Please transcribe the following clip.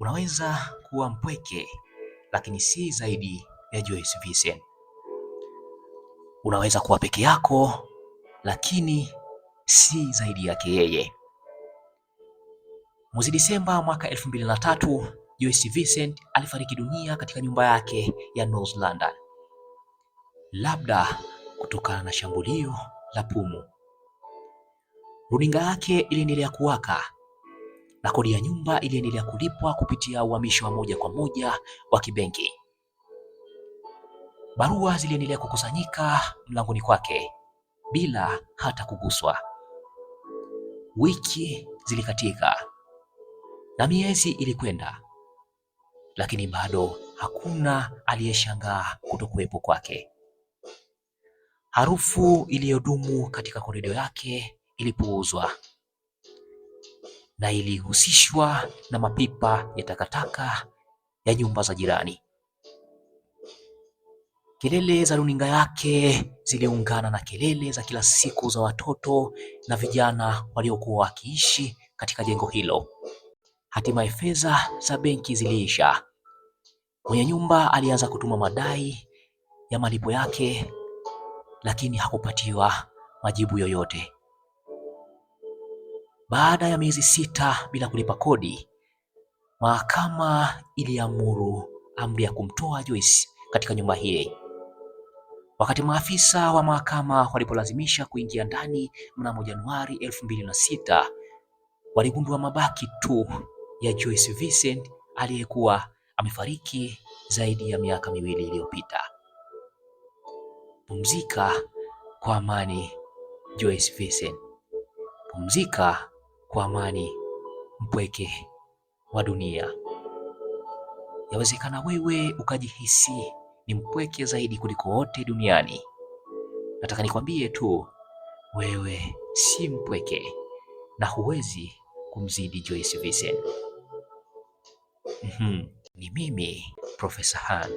Unaweza kuwa mpweke, lakini si zaidi ya Joyce Vincent. Unaweza kuwa peke yako, lakini si zaidi yake yeye. Mwezi Disemba mwaka elfu mbili na tatu Joyce Vincent alifariki dunia katika nyumba yake ya North London, labda kutokana na shambulio la pumu. Runinga yake iliendelea kuwaka na kodi ya nyumba iliendelea kulipwa kupitia uhamisho wa moja kwa moja wa kibenki. Barua ziliendelea kukusanyika mlangoni kwake bila hata kuguswa. Wiki zilikatika na miezi ilikwenda, lakini bado hakuna aliyeshangaa kutokuwepo kwake. Harufu iliyodumu katika korido yake ilipuuzwa na ilihusishwa na mapipa ya takataka ya nyumba za jirani. Kelele za runinga yake ziliungana na kelele za kila siku za watoto na vijana waliokuwa wakiishi katika jengo hilo. Hatimaye fedha za benki ziliisha. Mwenye nyumba alianza kutuma madai ya malipo yake, lakini hakupatiwa majibu yoyote. Baada ya miezi sita bila kulipa kodi, mahakama iliamuru amri ya kumtoa Joyce katika nyumba hii. Wakati maafisa wa mahakama walipolazimisha kuingia ndani mnamo Januari elfu mbili na sita, waligundua mabaki tu ya Joyce Vincent aliyekuwa amefariki zaidi ya miaka miwili iliyopita. Pumzika kwa amani Joyce Vincent, pumzika kwa amani, mpweke wa dunia. Yawezekana wewe ukajihisi ni mpweke zaidi kuliko wote duniani. Nataka nikwambie tu, wewe si mpweke na huwezi kumzidi Joyce -hmm. Ni mimi Profesa Han.